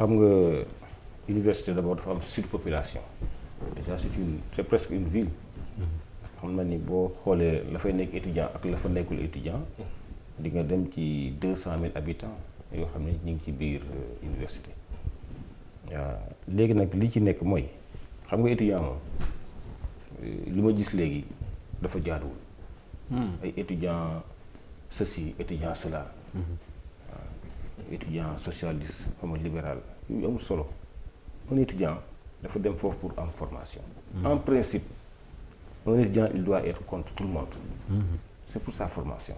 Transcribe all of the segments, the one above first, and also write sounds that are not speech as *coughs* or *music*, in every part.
xam nga université d'abord dafa am surpopulation déjà c'est une presque une ville xam na ni boo xoolee la fay nekk étudiant ak la fa nekkul étudiant di nga dem ci deux cent mille habitants yoo xam ne ñu ngi ci biir euh, université waa léegi nag li ci nekk mooy xam nga étudiant moom euh, li ma gis léegi dafa jaaduwul hmm. ay étudiant ceci étudiant cela hmm. waaw étudiant socialiste xama libéral yu amul solo un étudiant dafa dem foofu pour am formation. Mm-hmm. en principe un étudiant il doit être contre tout le monde. Mm-hmm. c' est pour sa formation.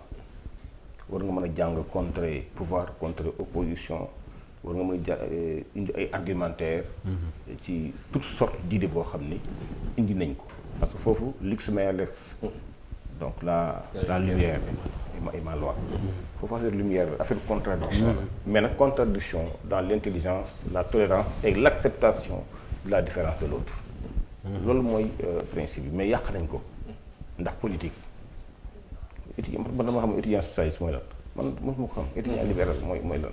war nga mën a jàng contre pouvoir contre opposition war nga mën a eh, indi ay argumentaire mm-hmm. ci toutes sortes d' boo xam ni indi nañ ko. parce que foofu lex lex donc la la lumière et ma loi il mm-hmm. faut faire lumière affaire contradiction mm-hmm. mais nag contradiction dans l'intelligence la tolérance et l'acceptation de la différence de l'autre mm-hmm. loolu mooy euh, principe bi mais yàq nañ ko ndax politique étudiant man dama xam étudiant socialiste mooy man mosuma ko xam étudiant libéral mooy mooy lan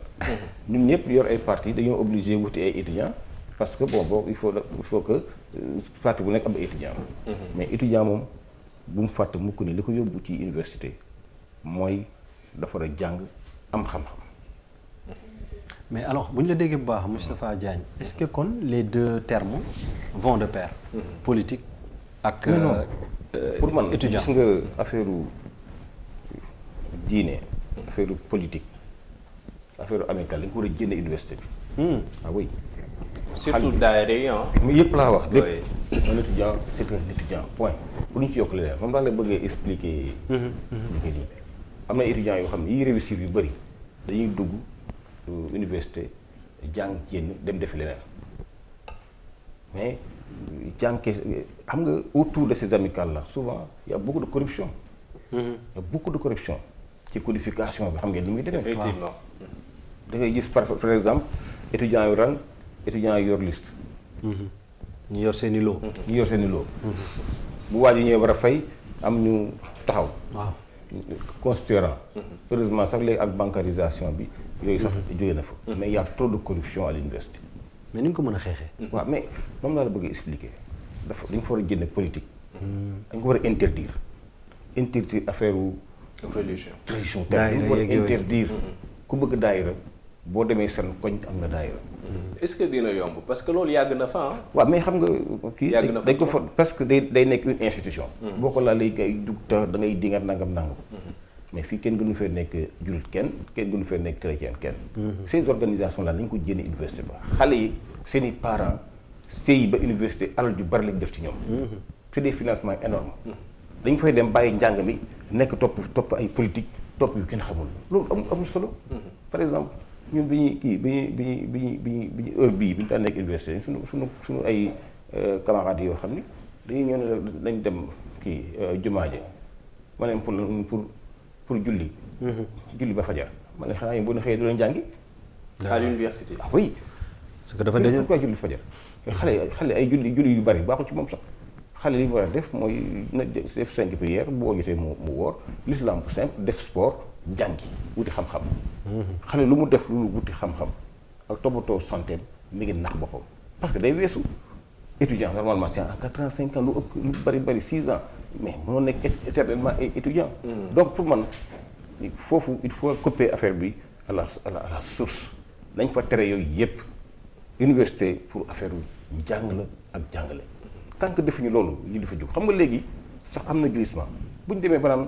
ñun ñëpp yor ay parti dañoo obligé wuti ay étudiant parce que bon boo il faut il faut que euh, parti bu nekk am étudiant mais étudiant moom bu mu fàtte mukk ni li ko yóbbu ci université mooy dafa a jàng am xam-xam. mais alors bu ñu la déggee bu baax Moustapha Diagne est-ce que kon les deux termes vont de pair. Mm-hmm. politique ak. non euh, pour man étudiant nga affaire diine. affaire politique affaire amicale li nga ko war a génne université bi. Hmm. ah oui. surtout daayira ah. yëpp laa wax lépp. un étudiant c' est un étudiant point pour ñu ci yokk leneen moom daal la bëggee expliquer. Mm-hmm. Mm-hmm. li nga am na étudiants yoo xam ne yiy réussir yu bëri dañuy dugg euh, université jàng génn dem defi leneen mais jànke xam nga autour de ces la souvent y' a beaucoup de corruption. Mm-hmm. y' a beaucoup corruption ci codification bi xam ngeen ni muy demee. effectivement da ngay gis par par exemple étudiants yu ran étudiants yu yor liste. ñu yor seen i loo. ñu yor seen loo. bu waaj yi ñëwee war a fay am ñu taxaw. waaw constituant. heureusement sax léegi ak bancarisation bi. yooyu sax jóge na fa. mais y a trop de corruption à l'université. mais ni nga ko mën a xeexee. waaw mais moom laa la bëgg expliquer dafa dañu fa war a génne politique. dañ ko war a interdire. interdire affaire religion religion. daayira yeeg yooyu interdire ku bëgg daayira boo demee seen koñ am na daay mm-hmm. est-ce que dina yomb parce que loolu yàgg na fa ah. waaw mais xam nga kii dañ ko fa parce que day day nekk une institution. Mm-hmm. boo ko laalee kay da ngay dingat nangam nangam. Mm-hmm. mais fii kenn gënu fee nekk jullit kenn kenn gënu fee nekk chrétien kenn. ces organisations là lañ ko jëlee université ba xale yi seen i parents sëy ba université alal ju bari lañ def ci ñoom. c'est des financement énormes dañ fay dem bàyyi njàng mi nekk topp topp ay politique topp yu kenn xamul loolu amul amul solo. par exemple. ñun bi ñuy kii bi ñuy bi ñuy bi ñuy bi ñuy bi ñuy heure bii bi ñu daan nekk université suñu suñu suñu ay euh, camarades yoo xam ni dañuy ñëw ne dañ dem kii euh, jumaa ja ma ne pour pour pour julli. Mhm. julli ba fajar ma ne xanaa yi bu ñu xëyee du leen jàngi. à l'université ah oui. parce que dafa dañoo quoi julli fajar xale xale ay julli julli yu bari baaxul ci moom sax xale li mu war a def mooy na def cinq prières boo jotee mu mu wóor l'islam simple def sport. jàngi wuti xam-xam. Mm-hmm. xale lu mu def lu wuti xam-xam ak toppatoo santé mi ngi nax boppam parce que day weesu étudiant normalement c'est en quatre ans cinq ans lu ëpp lu bari bari six ans mais mënoo nekk éternellement ay étudiant mm-hmm. donc pour man foofu il faut couper affaire bi à la à la à la source dañ fa tere yooyu yépp université pour affaire yu jàng la ak jàngale tant defu defuñu loolu lii di fa jóg xam nga léegi sax am na glissement bu demee banaan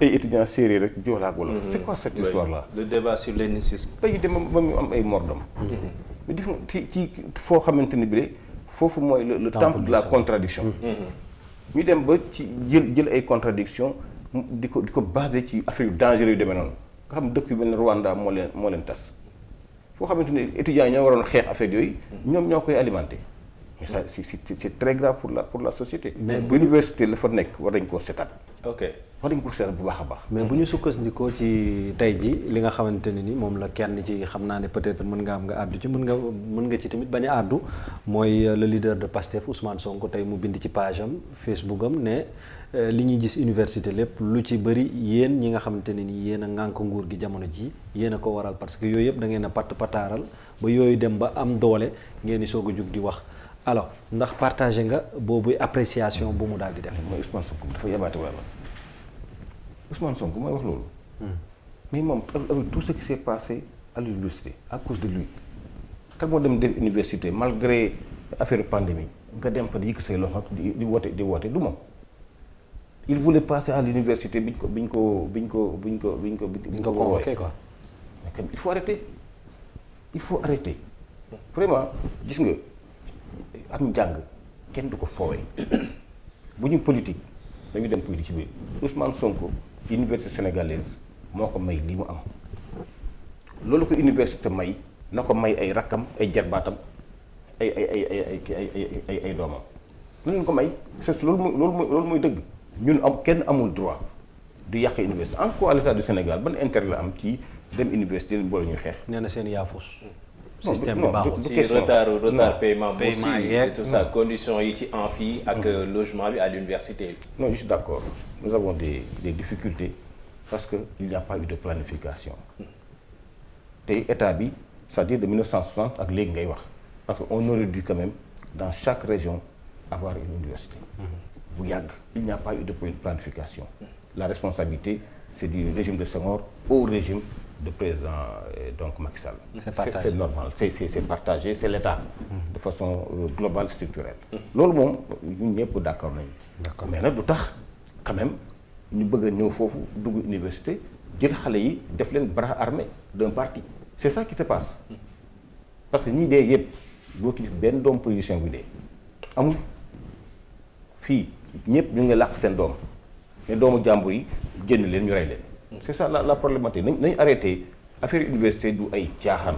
ay étudiants séeréer rek joolaa ak wala. Mhm. c'est quoi cette histoire là. le débat sur dem ba mu am ay mordom. mais mhm. ci foo xamante ni bii foofu mooy le le de la contradiction mhm. ñu dem ba ci jël jël ay contradiction di ko di ko base ci affaire yu dangereux yu demee noonu nga xam dëkk yu mel ne Rwanda moo leen moo leen tas foo xamante ni étudiants yi ñoo waroon xeex affaire yooyu. ñoom ñoo koy alimenté. mais ça c' est c' pour la pour la société. mais bu université la fa nekk war nañ koo seetaat. ok war nañ koo seetaat bu baax a baax. mais bu ñu sukkandikoo ci tey ji li nga xamante ne ni moom la kenn ci xam naa ne peut-être mën nga am nga àddu ci mën nga mën nga ci tamit bañ a àddu mooy euh, le leader de PASTEF Ousmane Sonko tey mu bind ci page am Facebook am ne. Euh, li ñu gis université lépp lu ci bëri yéen ñi nga xamante ne nii yéen a ŋànk nguur gi jamono ji yéen a ko waral parce que yooyu yëpp da ngeen a patt pataaral ba yooyu dem ba am doole ngeen di soog a jug di wax alors ndax partagé nga boobu appréciation bu mu daal di def. mooy Ousmane Sonko dafa yabaate wala Ousmane Sonko mooy wax loolu. Hmm. mais moom avec tout ce qui s'est passé à l'université à cause de lui kan moo dem def université malgré affaire pandémie nga dem ko di yëkk say loxo di woote di woote du moom. il voulait passer à l'université biñ ko biñ ko biñ ko biñ ko bi biñ ko biñ ko convoqué quoi. il faut arrêter il faut arrêter vraiment gis nga. am njàng kenn du ko foowee *coughs* bu ñu politique dañu dem politique ci biir Ousmane Sonko université sénégalaise moo ko may lii mu am loolu ko université may na ko may ay rakkam ay jarbaatam ay ay ay ay ay ay ay doomam lu leen ko may c'est loolu mooy loolu mooy loolu mooy dëgg ñun am kenn amul droit du yàq université en quoi l'état du Sénégal ban intérêt la am ci dem université boole ñu xeex nee na seen yaafus système bi baaxul si retard retard paiement. paiement yeeg mm. tout ça conditions yi ci amphi ak mm-hmm. euh, logement bi à l'université bi. non je suis d'accord nous avons des des difficultés parce que il n'y a pas eu de planification mm. tey état bi c'est-à-dire de 1960 ak léegi ngay wax parce que on aurait dû quand même dans chaque région avoir une université. Mm-hmm. bu yàgg il n'y a pas eu de planification. Mm. la responsabilité c'est du régime de Senghor au régime. de président euh, donc Macky Sall. c'est normal c'est c'est partagé c'est l'État mm-hmm. de façon euh, globale structurelle. loolu moom ñun ñëpp d'accord nañu. d'accord mais nag du tax quand même ñu bëgg a ñëw foofu dugg université jël xale yi def leen bras armé d'un parti. c'est ça qui se passe mm-hmm. parce que ñi dee yëpp boo ci benn doom position bi dee amul fii ñëpp ñu ngi làq seen doom mais doomu jàmbur yi génn leen ñu rey leen. c' est ça la la problématique nañ nañ arrêté affaire université du ay caaxaan.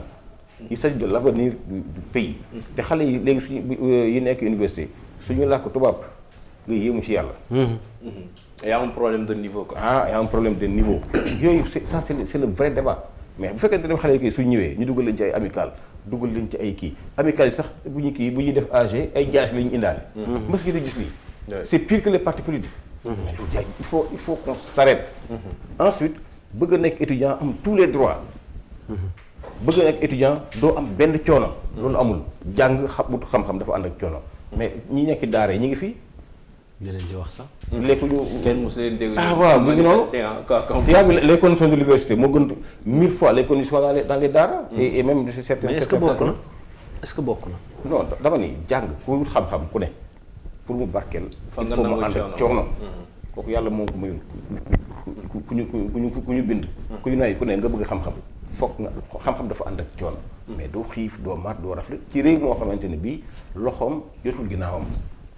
il s'agit de l' avenir du du pays. te xale yi léegi suñu euh, yi nekk université suñu làkk tubaab nga yéemu ci yàlla. Mm-hmm. y' a un problème de niveau quoi. ah y' problème de niveau. *coughs* yooyu c' est ça c' vrai débat mais bu fekkee ne xale yi kay su ñëwee ñu dugal leen ci ay amical dugal leen ci ay kii amical sax bu ñu kii bu ñuy def AG ay jaas la ñu indaale. mës ngeen di gis lii. c' mais il faut il faut qu'on s'arrête mhm. ensuite bëgg a nekk étudiant am tous les droits mhm. bëgg a nekk étudiant doo am benn coono mhm. loolu amul jàng xamut xam-xam dafa ànd ak coono mais ñi nekk daara yi ñi ngi fi yeneen wax sax lekku ñu kenn mos leen dégg ah waaw mu ngi noonu te les conditions de l'université moo gën mille fois les conditions dans les dans les daara et même de certains mais est bokk na est-ce que bokk na non dama ni jàng ku wut xam-xam ku ne pour mu barkeel. fa nga nangu coono mu ànd ak coono. Mm-hmm. kooku yàlla moo ko mayul ku ku ñu ku ñu ku ñu bind. Mm-hmm. ku ñu nay ku ne nga bëgg xam-xam. foog nga xam-xam dafa ànd ak coono. Mm-hmm. mais doo xiif doo mar doo rafle ci moo xamante ne bii loxoom jotul ginnaawam.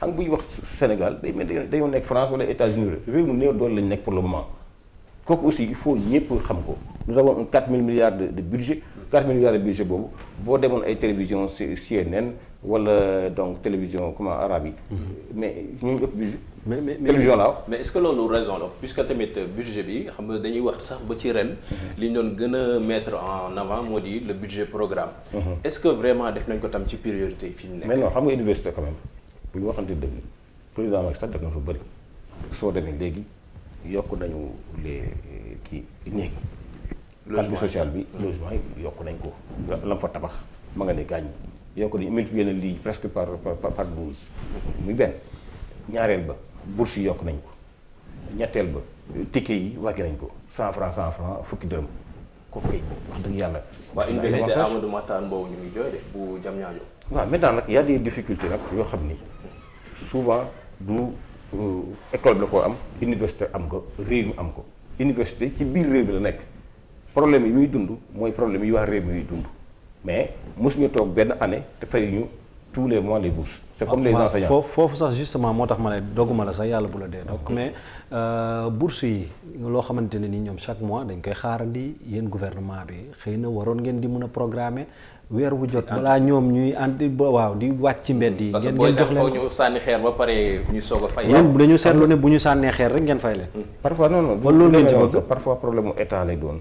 xam nga bu ñu wax Sénégal day mel ni nekk France wala États-Unis réew mu néew doole lañ nekk pour le moment kooku aussi il faut ñëpp xam ko nous avons un 4000 milliards de budget 4000 milliards de budget boobu boo demoon ay télévision CNN. wala donc télévision comment arabe yi. Mhm. mais ñu ëpp budget. mais mais télévision laa wax. mais est ce que loolu raison la puisque tamit budget bi xam nga dañuy wax sax ba ci ren. Mhm. li ñu doon gën a mettre en avant moo di le budget programme. Mhm. est ce que vraiment def nañ ko tam ci priorité fii mu nekk. mais non xam nga université quand même bu ñu waxante dëgg président Macky Sall def na fa bëri soo demee léegi yokk nañu les kii néegi. logement bi social bi logement yi yokk nañ ko. la mu tabax ma nga ne yoo ko dañu multiplier na lii presque par par par douze muy benn ñaareel ba bourse yi yokk nañ ko ñetteel ba ticket yi wàcce nañ ko cent franc cent franc fukki dërëm kooku kay wax dëgg yàlla. waaw université Amadou Mahtar Mbow ngi jooy de bu jam ñaajo. waaw maintenant nag y a des nag yoo xam ni souvent du euh, école bi la ko am université am ko réew mi am ko université ci biir réew mi la nekk problème yi muy dund mooy problème yi waa réew mi dund. mais mosuñu toog benn année te ñu tout les mois les bourses. c'est comme les enseignants foofu foofu sax justement moo tax ma ne dogguma sax yàlla bu la dee donc mais euh, bourse yi loo xamante ne ni ñoom chaque mois dañ koy xaarandi yéen gouvernement bi xëy na waroon ngeen di mën a programmer weer wu jot. balaa ñoom ñuy andi ba waaw di wàcc ci mbedd yi. ngeen ngeen jox leen parce que ñu sànni xeer ba pare soog a fay. yéen dañu seetlu ne bu ñu sànnee xeer rek ngeen fay leen. loolu ngeen ci bëgg parfois état lay doon.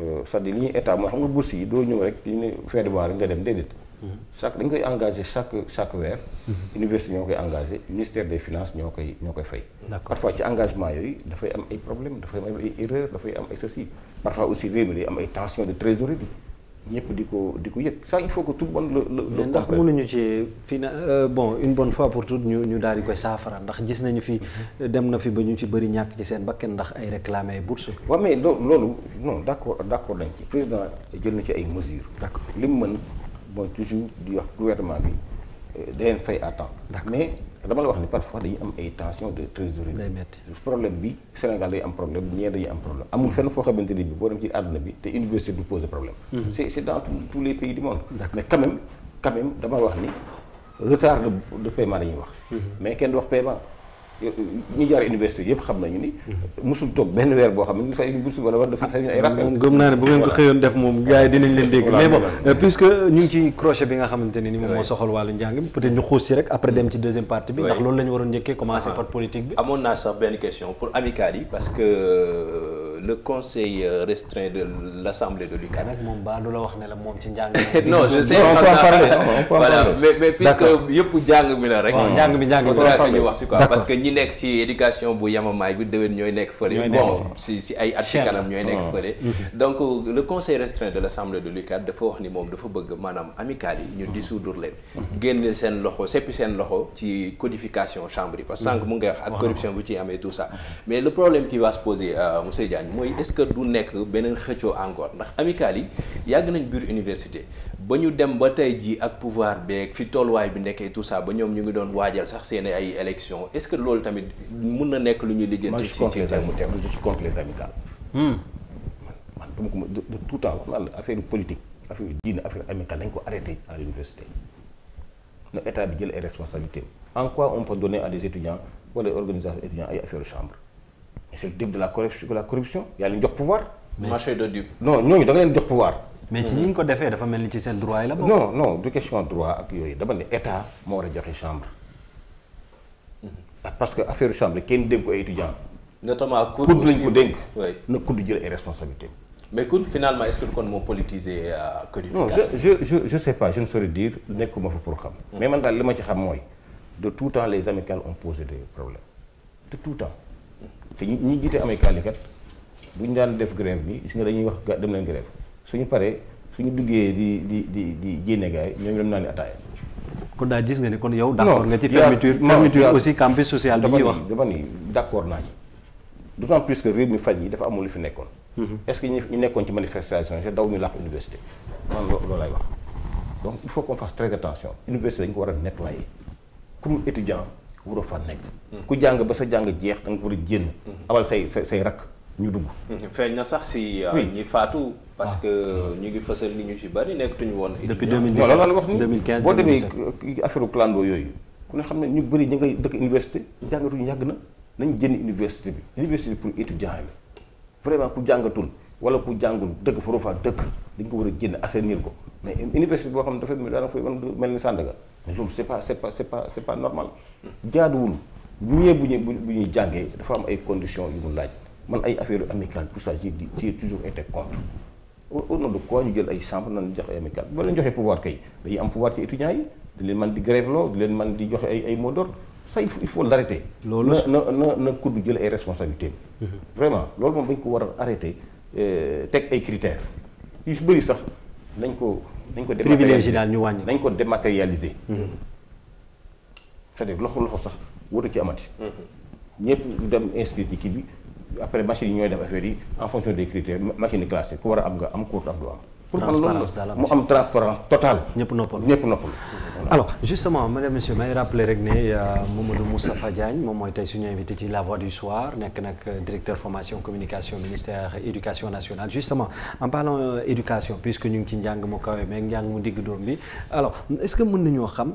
Euh, c'est-à-dire li ñuy état mooy xam nga bourse yi doo ñëw rek ñu ne fin de mois nga dem déedéet. Mm-hmm. chaque dañ koy engagé chaque chaque weer. Mm-hmm. université ñoo koy engagé ministère de finances ñoo koy ñoo koy fay. parfois ci engagement yooyu dafay am ay problème dafay am ay erreur dafay am ay ceci parfois aussi réew mi day am ay tension de trésorerie bi ñëpp di ko di ko yëg ça il faut que tout le monde le le le ndax mënuñu ci fii na euh, bon une bone fois pour toutes ñu ñu daal di koy saafara ndax gis nañu fi mm-hmm. dem na fi ba ñu ci bëri ñàkk ci seen bakken ndax ay réclamé ay bourse waaw mais loolu non d' accord d' nañ ci président jël na ci ay mesures. d' li mu mën mooy toujours di wax gouvernement bi. dañ fay à temps mais dama la wax ni parfois dañuy am ay tension de trésorerie problème bi Sénégal day am problème amul fenn foo xamante ni boo dem ci àdduna bi te université du pose problème mhm. c'est c'est dans tous les pays du monde mais quand même dama la wax ni retard de paiement dañuy wax mhm. mais kenn du wax paiement ñi jaar université yëpp xam nañu ni. musul toog benn weer boo xam ne dafay musul wala war dafa moom gëm yi dinañ leen dégg. mais bon euh, puisque ñu ngi ci crochet bi nga xamante ni moom moo soxal wàllu njàng mi peut ñu xuus si rek après dem ci deuxième partie bi. ndax loolu la waroon njëkkee commencer ah. par bi. amoon naa sax benn question pour amicale yi parce que. Euh, le conseil euh, restreint de l'assemblée de l'UCAD. nag moom baa lu la wax ne la moom ci njàng. *laughs* non je sais on peut en parler voilà mais mais puisque yëpp njàng mi la rek. njàng mi njàng mi faudra ñu wax si quoi. parce que ñi nekk ci éducation bu yamamaay bi déwén ñooy nekk fële. bon si si ay at ci kanam ñooy nekk fële. Mm-hmm. donc euh, le conseil restreint de l'assemblée de l'UCAD dafa wax ni moom dafa bëgg maanaam amicale yi ñu mm-hmm. dissoudre leen. Mm-hmm. génn seen loxo seppi seen loxo ci codification chambre yi parce que sànq mu ngi wax ak corruption bu ci amee tout ça mais le problème qui va se poser euh, monsieur Diagne mooy est-ce que du nekk beneen xëccoo encore ndax amicale yi yàgg nañ biir université ba ñu dem ba tey jii ak pouvoir beeg fi tolluwaay bi nekkee tout ba ñoom ñu ngi doon waajal sax seen ay élection est-ce que loolu tamit mun na nekk lu ñuy liggéeyante ci ci terme terme je suis contre les amicales hmm. man man dama ko de tout temps naa la affaire politique affaire diin affaire amicale dañ ko arrêté à l'université na état bi jël ay responsabilités en quoi on peut donner à des étudiants wala organisations étudiants ay affaire chambre c'est le la corruption de la corruption yàlla ñu jox pouvoir. marché de dupe. non ñooñu da nga leen jox pouvoir. mais ci ñi ñu ko defee dafa mel ni ci seen droit yi la. non non du question droit ak yooyu dama ne état moo war a joxe chambre. parce que affaire chambre kenn dénk ko ay étudiants. notamment COUD aussi COUD lañ ko dénk. na COUD jël ay responsabilités. mais COUD finalement est-ce que kon moo politisé euh, codification. non je je sais pas je ne saurais dire nekkuma fa pour xam. Mm. mais man daal li ma ci xam mooy de tout temps les amicales ont posé des problèmes de tout temps. te ñi ñi jiite amicale yi kat bu ñu daan def grève bi gis nga dañuy wax dem leen grève suñu paree suñu duggee di di di di jénne gaay naa ni ataaya. kon daal gis nga ni kon yow. d'accord nga ci fermeture fermeture ni d'accord naa ci. d'autant plus que réew mi fan yi dafa amul lu fi nekkoon. Mm-hmm. est-ce que ñu nekkoon ci manifestation yi daw ñu làq université man loolu lay wax donc il faut qu'on fasse très attention université dañu ko war a nettoyer comme étudiant. waroo fa nekk. ku jàng ba sa jàng jeex da nga war a jénn abal say say say rakk ñu dugg. feeñ na sax si euh, ñi faatu. Ah. parce que ñu ngi fësal ni ñu ci bari nekk tuñ woon. depuis 2017 non wax ni boo demee euh, affaire clando yooyu. ku ne xam ne ñu bëri ñi ngay dëkk université jàngatuñu yàgg na nañ jënd université bi université pour étudiant bi vraiment ku jàngatul wala ku jàngul dëkk fa dëkk ko war a jënd assainir ko mais université boo xam ne dafa daanaka fay mel ni Sandaga loolu c'est pas c'est pas c'est pas c'est pas normal jaaduwul mieux bu ñu bu ñuy jàngee dafa am ay conditions yu mu laaj man ay affaire amicale tout ça j'ai dit j'ai toujours été contre au nom de quoi ñu jël ay chambre na jox ay amicale ba leen joxee pouvoir kay day am pouvoir ci étudiants yi di leen man di grève loo di leen man di joxe ay ay mots d'ordre ça il faut il faut l'arrêter loolu na na na kudd jël ay responsabilités mhm. vraiment loolu moom dañ ko war a arrêter euh, teg ay critères yu bëri sax nañ ko nañ ko privilégié daal ñu wàññi nañ ko dématérialiser mm-hmm. cest à loxo loxo sax wóotu ci amati mm-hmm. ñëpp dem inscrit ci kii bi après machine yi ñooy def affaire yi en fonction des critères machine classée ku war a am nga am cours am du am pour man loolu la mu am transparence totale. ñëpp noppal ñëpp noppal. alors justement madame monsieur may rappelé rek ne euh, Mamadou Moustapha Diagne moom mooy tey suñu invité ci La Voix du Soir nekk nag euh, directeur formation communication ministère éducation nationale justement en parlant euh, éducation puisque ñu ngi ci njàng mu kawe meeg njàng mu digg doom bi alors est-ce que mën nañoo xam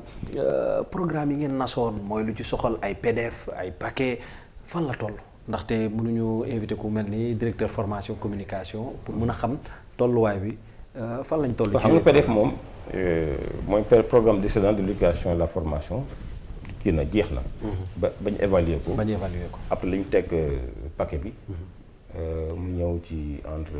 programme yi ngeen nasoon mooy lu ci soxal ay PDF ay paquet fan la toll ndaxte mënuñu invité ku mel ni directeur formation communication pour mën a xam tolluwaay bi. Euh, fan lañ toll. xam nga PDEF moom euh, mooy programme décennal de l'éducation et la formation kii na jeex na. Mhm. ba bañ évaluer ko. bañ évaluer ko après li ñu teg euh, paquet bi. Mhm. mu ñëw ci entre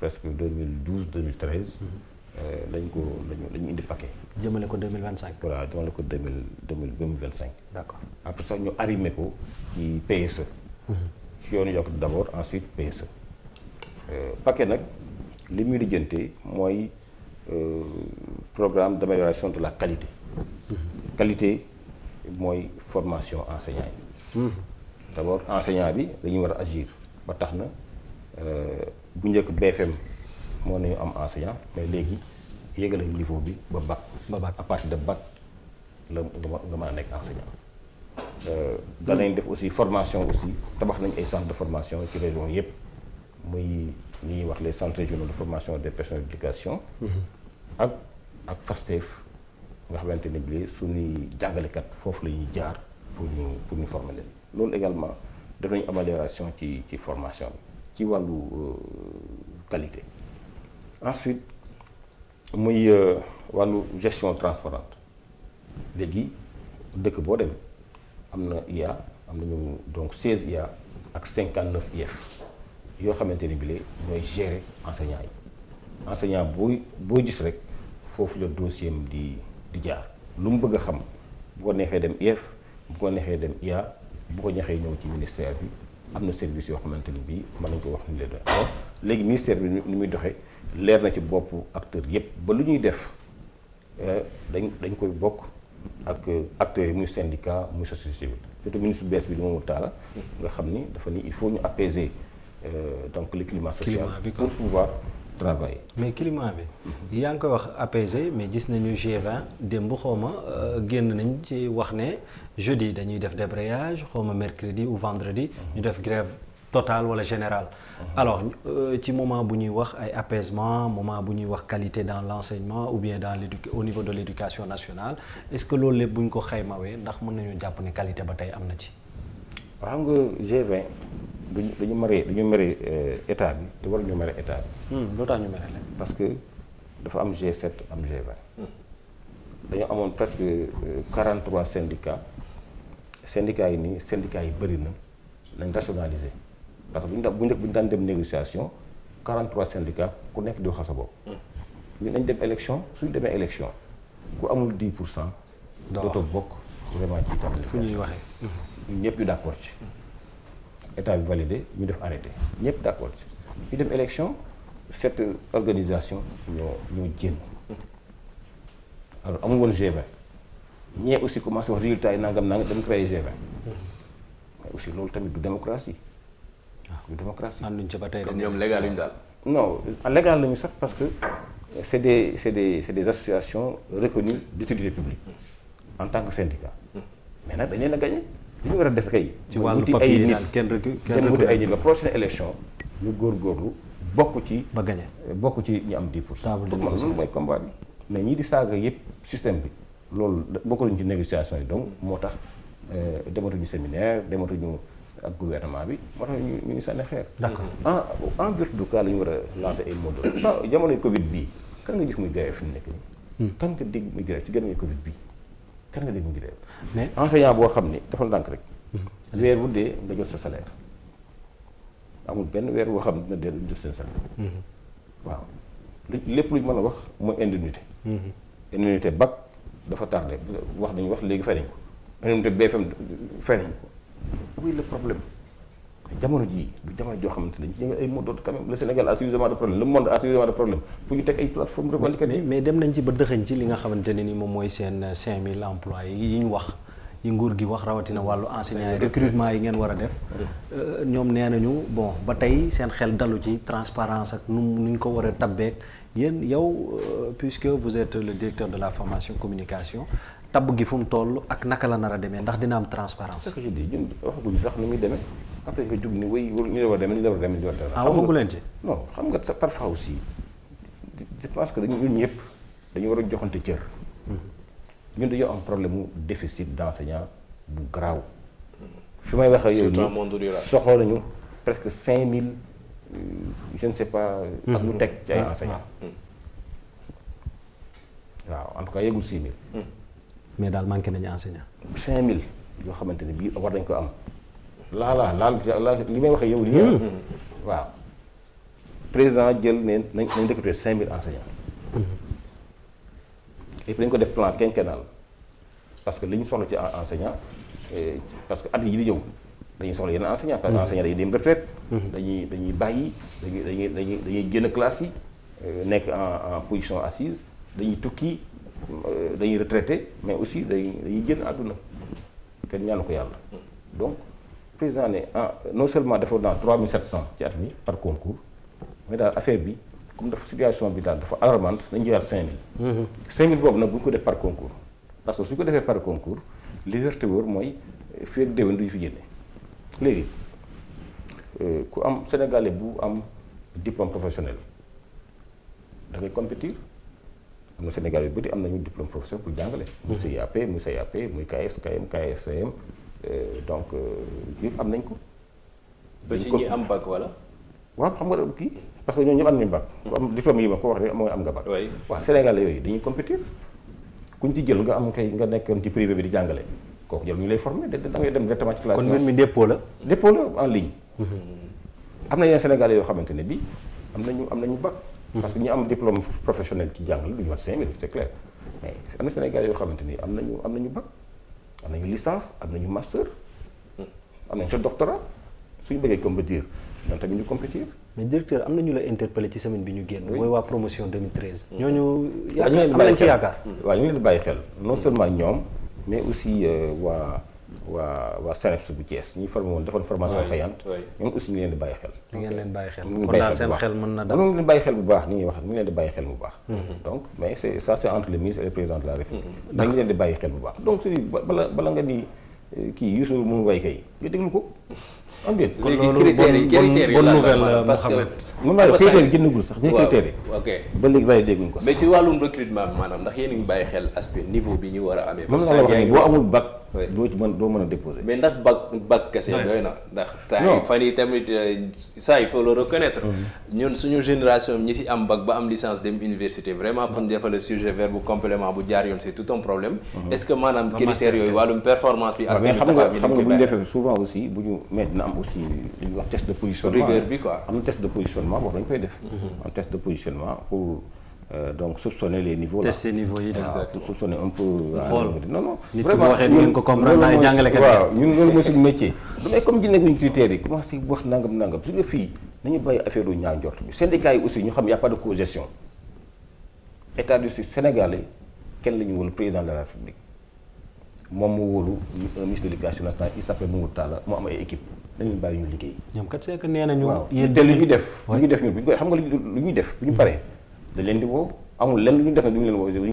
presque 2012 2013. Mhm. lañ ko lañu indi paquet. jëmale ko 2025. voilà jëmale ko 2025. d'accord après sax ñu arrimé ko ci PSE. ci yoonu yokk d'abord ensuite PSE. paquet nag. li muy lijjante mooy euh, programme d'amélioration de la qualité. Mm-hmm. qualité mooy formation enseignant yi. Mm-hmm. d'abord enseignant bi dañu war a agir ba tax na euh, bu njëkk BFM moo nañu am enseignant mais léegi yëgale niveau bi ba bac. ba bac à partir de bac la nga mën a nekk enseignant. Euh, danañ def aussi formation aussi tabax nañ ay centre de formation ci région yëpp muy. li ñuy wax les centres régionaux de formation des personnes d'éducation mm-hmm. ak ak FASTEF nga xamante ni bii suñuy jàngalekat foofu la ñuy jaar pour ñu pour loolu également def nañu amélioration ci ci formation ci wàllu euh, qualité ensuite muy euh, wàllu gestion transparente léegi dëkk boo dem am na IA am nañu donc 16 IA ak 59 IF yoo xamante ni bii mooy gérer enseignant yi enseignant booy boo gis rek foofu la dossier am di di jaar lu mu bëgg a xam bu ko neexee dem IEF bu ko neexee dem IA bu ko neexee ñëw ci ministère bi am na service yoo xamante ni bii mën nañ ko wax ni leen doon léegi ministère bi ni muy doxee leer na ci bopp acteur yépp ba lu ñuy def euh, dañ dañ koy bokk ak euh, acteurs yi muy syndicat muy société civile surtout ministre bees bi di Mamadou Talla nga xam ni dafa ni il faut ñu apaiser Euh, donc le climat social pour pouvoir travailler. mais climat bi yaa ngi koy wax apaisé mais gis nañu G20 démb xawma euh, génn nañ ci wax ne jeudi dañuy def débrayage xawma mercredi ou vendredi ñu def grève totale wala général mhm. alors euh, ci moment bu ñuy wax ay apaisement moment bu ñuy wax qualité dans l'enseignement ou bien dans l'éduc au niveau de l'éducation nationale est-ce que loolu lépp bu ñu ko xaymawee ndax mën nañu jàpp ne qualité ba te am na ci. du duñu dañu mere dañu mere euh, état bi te war ñu mere état bi. Hmm, lu tax ñu mere leen. parce que dafa am G7 am G20. dañoo amoon presque 43 euh, syndicats syndicats yi nii syndicats yi bëri na nañ rationaliser parce que bu ñu daan bu ñu daan dem négociation 43 syndicats ku nekk di wax sa bopp. Hmm. ñu dañ dem élection suñ demee élection ku amul 10 pour cent. dootoo bokk vraiment jiital. fu ñuy waxee. ñun ñëpp ñu d'accord ci. Hmm. état bi validé ñu def arrêté ñëpp d'accord ci ñu dem élection cette organisation ñoo ñoo jéem alors amul woon G20 ñee aussi commencé wax résultat yi nangam nangam dem créé G20 mais aussi loolu tamit du démocratie ah. du démocratie ànduñ ci ba tey comme ñoom légal ñu daal non légal lañu sax parce que c'est des c'est des c'est des associations reconnues d'utilité publique en tant que syndicat hmm. mais nag dañ leen a gagné li ñu war a def kay. ci wàllu papier daal kenn rek kenn wuti ay nit ba prochaine élection ñu góorgóorlu bokk ci. ba gagné bokk ci ñu am 10 pour cent. saabu dëgg loolu mooy mais ñii di saaga yëpp système bi loolu bokkaluñ ci négociation yi donc moo tax euh, dematuñu séminaire dematuñu ak gouvernement bi moo tax ñu ngi sànni xeer. d'accord en en vertu du cas la ñu war a lancer ay mots d'ordre. *coughs* Ah, jamonoy bii kan nga gis muy grève fi mu nekk nii. Hmm. kan nga dégg muy grève ci gànnaaw Covid bii. kan nga dégg mu ngi dee mais enseignant boo xam ni defal ndànk rek mm-hmm. weer bu dee nga jot sa salaire amul benn weer boo xam ne dina dee di jot seen salaire mm-hmm. waaw lu lépp luñ mën a wax mooy indemnité mm-hmm. indemnité bac dafa tardé wax dañu wax léegi fay nañ ko indemnité BFM fay ko oui le problème jamono jii du jamono joo xamante ne Sénégal a suffisamment de problème le monde a suffisamment de problème pour ñu teg ay plateforme revendicative mais dem nañ ci ba dëxëñ ci li nga xamante ni moom mooy seen 5000 emplois yi ñu wax yi nguur gi wax rawatina wàllu enseignants yi recrutement yi ngeen war a def euh, ñoom nee nañu bon ba tey seen xel dalu ci transparence ak nu nu ñu ko war a tabbeek yéen yow euh, puisque vous êtes le directeur de la formation communication tabb gi fu mu toll ak naka la nar a demee ndax dina am transparence ce que je dis ñun waxaguñu muy demee après nga jug ni way ñu la war a demee ñu la war a demee ñu war a demee. ah waxagu leen ci. non xam nga parfois aussi je pense que dañu ñun ñëpp dañu war a joxante cër. Mm-hmm. ñun dañoo am problème mu déficit d' enseignant bu garaaw. fi may wax ak yow nii soxla nañu presque cinq mille euh, je ne sais pas. Mm-hmm. ak lu teg ci ay ah, enseignants. Ah. Mm-hmm. waaw en tout cas yegul six mille. mais daal manqué nañu enseignant. cinq mille yoo xamante ne bii war nañ ko am. laala laal li may waxee yow li hmm. waaw président jël neen nañ nañ recruter cinq mille enseignants et puis dañ ko def plan quinquennal parce que li ñu soxla ci enseignant parce que at yi di ñëw dañuy soxla yenn enseignant parce que hmm. enseignant dañuy dem retraite hmm. dañuy dañuy bàyyi dañuy dañuy dañuy dañuy génn classe yi euh, nekk en en position assise dañuy tukki euh, dañuy retraité mais aussi dañuy dañuy génn àdduna kenn ñaanu ko yàlla donc président ne ah non seulement defoon naa cent ci at mi par concours mais daal affaire bi comme dafa situation bi daal dafa alarmante dañu joxe 5000. 5000 boobu nag bu ñu ko def par concours parce que su ñu ko defee par concours liberté wër mooy eh, fii ak déwén du ñu fi génne léegi euh, ku am sénégalais bu am diplôme professionnel da ngay compétir. am na Sénégal bu bëri am nañu diplôme professeur pour jàngale. muy mhm. CIAP muy mu muy KS KM KSCM Euh, donc euh, yëpp am nañ ko. ba ci ñi am bac wala. waaw xam nga kii parce que ñooñu ñëpp am nañu bac. ku hmm. am diplôme yi ma ko wax de mooy am nga bac. waay waaw Sénégal yooyu dañuy compétir jël nga am kay nga nekkoon ci privé bi di jàngale kooku jël ñu formé da ngay dem directement ci classe. kon mbir mi la. dépôt la en ligne. Hmm. yoo xamante ne bii am nañu am nañu bac. Hmm. parce que ñu am diplôme professionnel ci jàngale du ñu mat yoo xamante ni am nañu am nañu bac. am nañu licence am nañu master am nañu sa doctorat suñu bëggee compétir ñoom tamit ñu compétir. mais directeur am na ñu la interpellé ci semaine bi ñu génn. mooy waa promotion 2013. Mm. ñooñu yaakaar am nañ ci yaakaar. Mm. waaw ñu leen bàyyi xel non mm. seulement ñoom mais aussi euh, waa. waa waa SAREPS bu Thiès ñi formé woon defoon formation payante ñoom aussi ñu leen di bàyyi xel ñu ngi leen bàyyi xel kon daal seen xel mën na dal ñu ngi leen bàyyi xel bu baax ñi ngi wax ñu ngi mhm. mhm. leen di bàyyi xel bu baax donc mais c'est ça c'est entre le ministre et le président de la République ñu ngi leen di bàyyi xel bu baax donc su bala bala nga di eh, kii Youssou mu way kay nga déglu ko am déet kon loolu critères yi critères yi bonne nouvelle parce que mën naa critères yi génnagul sax ñi critères yi ok ba léegi waaye dégguñ ko mais ci wàllum recrutement maanaam ndax yéen a ngi bàyyi xel aspect niveau bi ñu war a amee moom la wax ni boo amul bac doo ci mën doo mën a déposer. mais ndax bac bac kese doy na. ndax saa fan yi tamit euh, ça il faut le reconnaître. Mm-hmm. ñun suñu génération ñi si am bac ba am licence dem université vraiment pour ñu mm-hmm. defal sujet verbe bu complément bu jaar yoon c' est tout un problème. Mm-hmm. est-ce que maanaam critères yooyu wàllum performance bi. ak xam nga xam nga bu ñu defee souvent aussi bu ñu mais dina am aussi test de positionnement. rigueur bi quoi am na test de positionnement boobu dañ Euh, donc soupçonner les niveaux là. tester niveau yi daal exactement soupçonner un peu. Euh, xool non non. vraiment nit ko comprendre ay jàngalekat waaw ñun loolu mooy suñu métier. mais comme jëndee guñ critères yi commencé wax nangam nangam su nga fii nañu bàyyi affaire yu ñaaw njort bi syndicat yi aussi ñu xam y' a pas de cogestion état du Sénégal kenn la ñu wóolu président de la République moom mu wóolu un ministre de l' éducation nationale il s' appelle Mamadou Talla moo am ay équipe dañu bàyyi ñu liggéey. ñoom kat c'est que nee nañu. yéen te li ñu def. li ñu def ñun bu ñu koy xam nga lu ñuy def bu ñu paree da leen di woo amul lenn lu ñu defee du